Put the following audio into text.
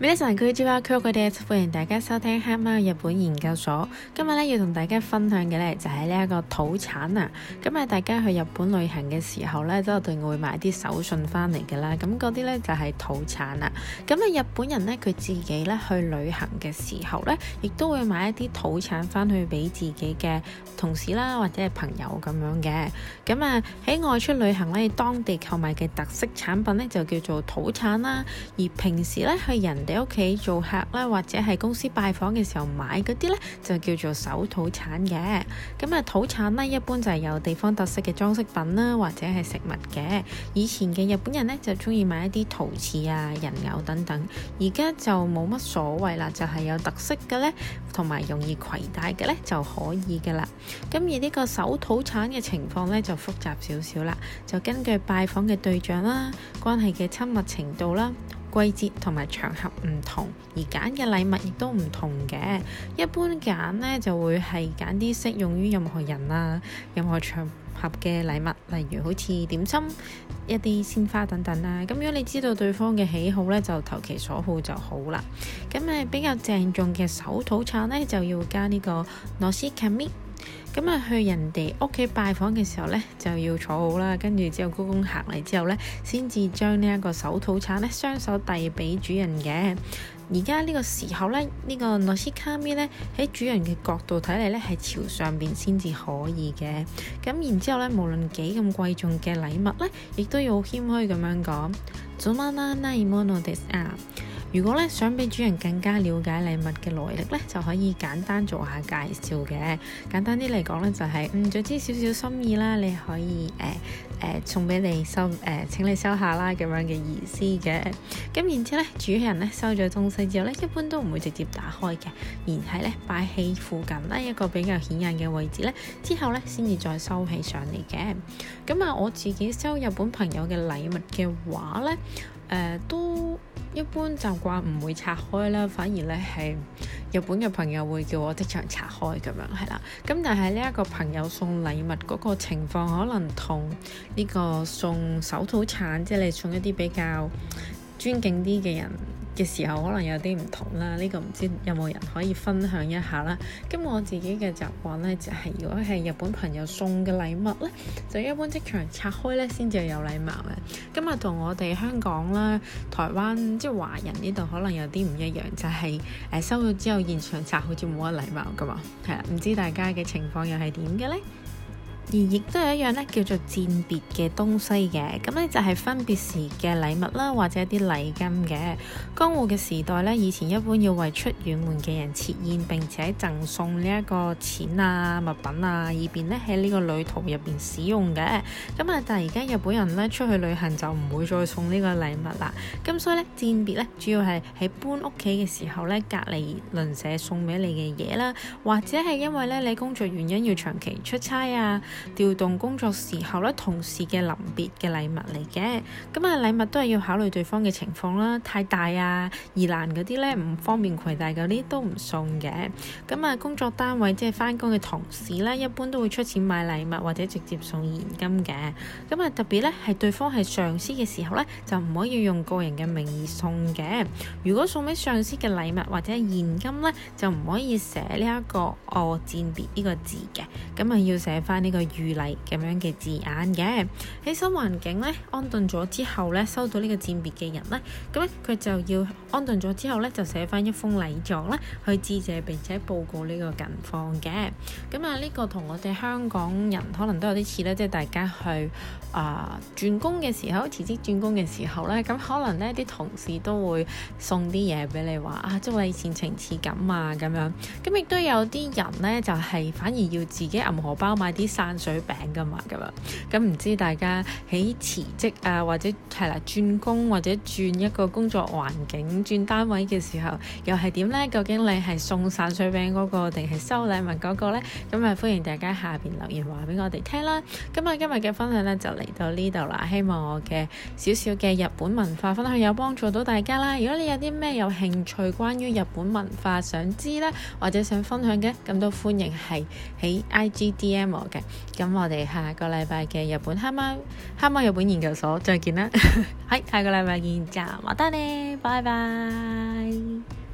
每一段句子啊，佢哋歡迎大家收聽 h a 黑貓日本研究所。今日咧要同大家分享嘅咧就係呢一個土產啊。咁啊，大家去日本旅行嘅時候咧都一定會買啲手信翻嚟嘅啦。咁嗰啲咧就係土產啊。咁啊，日本人咧佢自己咧去旅行嘅時候咧，亦都會買一啲土產翻去俾自己嘅同事啦，或者係朋友咁樣嘅。咁啊，喺外出旅行咧，當地購買嘅特色產品咧就叫做土產啦、啊。而平時咧去人你屋企做客啦，或者喺公司拜訪嘅時候買嗰啲呢，就叫做手土產嘅。咁啊，土產呢一般就係有地方特色嘅裝飾品啦，或者係食物嘅。以前嘅日本人呢，就中意買一啲陶瓷啊、人偶等等，而家就冇乜所謂啦，就係有特色嘅呢，同埋容易攜帶嘅呢就可以嘅啦。咁而呢個手土產嘅情況呢，就複雜少少啦，就根據拜訪嘅對象啦、關係嘅親密程度啦。季節同埋場合唔同，而揀嘅禮物亦都唔同嘅。一般揀呢就會係揀啲適用於任何人啊、任何場合嘅禮物，例如好似點心、一啲鮮花等等啦、啊。咁如果你知道對方嘅喜好呢，就投其所好就好啦。咁誒比較鄭重嘅手土產呢，就要加呢、這個諾斯咁啊，去人哋屋企拜訪嘅時候呢，就要坐好啦。跟住之後鞠躬行嚟之後呢，先至將呢一個手土產呢雙手遞俾主人嘅。而家呢個時候呢，呢、這個諾西卡咪呢，喺主人嘅角度睇嚟呢，係朝上邊先至可以嘅。咁然之後咧，無論幾咁貴重嘅禮物呢，亦都要好謙虛咁樣講。 如果咧想俾主人更加了解禮物嘅來歷咧，就可以簡單做下介紹嘅。簡單啲嚟講咧，就係嗯，總之少少心意啦。你可以誒誒、呃呃、送俾你收誒、呃，請你收下啦咁樣嘅意思嘅。咁然之後咧，主人咧收咗東西之後咧，一般都唔會直接打開嘅，而係咧擺喺附近咧一個比較顯眼嘅位置咧，之後咧先至再收起上嚟嘅。咁啊，我自己收日本朋友嘅禮物嘅話咧，誒、呃、都。一般習慣唔會拆開啦，反而咧係日本嘅朋友會叫我即場拆開，咁樣係啦。咁但係呢一個朋友送禮物嗰個情況，可能同呢個送手土產，即係你送一啲比較尊敬啲嘅人嘅時候可能有啲唔同啦，呢個唔知有冇人可以分享一下啦。咁我自己嘅習慣呢，就係如果係日本朋友送嘅禮物呢，就一般即場拆開呢先至有禮貌嘅。今日同我哋香港啦、台灣即係華人呢度可能有啲唔一樣，就係誒收咗之後現場拆好似冇乜禮貌噶嘛，係啊？唔知大家嘅情況又係點嘅呢？而亦都有一樣咧，叫做餞別嘅東西嘅，咁咧就係分別時嘅禮物啦，或者一啲禮金嘅。江戶嘅時代咧，以前一般要為出遠門嘅人設宴，並且贈送呢一個錢啊、物品啊，以便咧喺呢個旅途入邊使用嘅。咁啊，但係而家日本人咧出去旅行就唔會再送呢個禮物啦。咁所以咧，餞別咧主要係喺搬屋企嘅時候咧，隔離鄰舍送俾你嘅嘢啦，或者係因為咧你工作原因要長期出差啊。調動工作時候咧，同事嘅臨別嘅禮物嚟嘅，咁啊禮物都係要考慮對方嘅情況啦，太大啊、易爛嗰啲咧，唔方便攜帶嗰啲都唔送嘅。咁啊，工作單位即係返工嘅同事咧，一般都會出錢買禮物或者直接送現金嘅。咁啊，特別咧係對方係上司嘅時候咧，就唔可以用個人嘅名義送嘅。如果送俾上司嘅禮物或者現金咧，就唔可以寫呢一個哦餞別呢個字嘅。咁啊，要寫翻呢個。預禮咁樣嘅字眼嘅。喺新環境咧安頓咗之後咧，收到個戰呢個餞別嘅人咧，咁咧，佢就要安頓咗之後咧，就寫翻一封禮狀咧，去致謝，並且報告呢個近況嘅。咁啊呢個同我哋香港人可能都有啲似啦，即係大家去啊、呃、轉工嘅時候，辭職轉工嘅時候咧，咁可能咧啲同事都會送啲嘢俾你話啊，祝、就、你、是、前程似錦啊咁樣，咁亦都有啲人咧就係、是、反而要自己揞荷包買啲散。水餅噶嘛咁啊，咁、嗯、唔知大家喺辭職啊，或者係啦、啊、轉工或者轉一個工作環境、轉單位嘅時候，又係點呢？究竟你係送散水餅嗰、嗰個定係收禮物嗰個咧？咁、嗯、啊，歡迎大家下邊留言話俾我哋聽啦。咁、嗯、啊，今日嘅分享呢，就嚟到呢度啦。希望我嘅少少嘅日本文化分享有幫助到大家啦。如果你有啲咩有興趣關於日本文化想知呢，或者想分享嘅，咁都歡迎係喺 IGDM 我嘅。咁我哋下個禮拜嘅日本黑貓黑貓日本研究所再見啦，係 下個禮拜見，じゃあまたね，拜拜。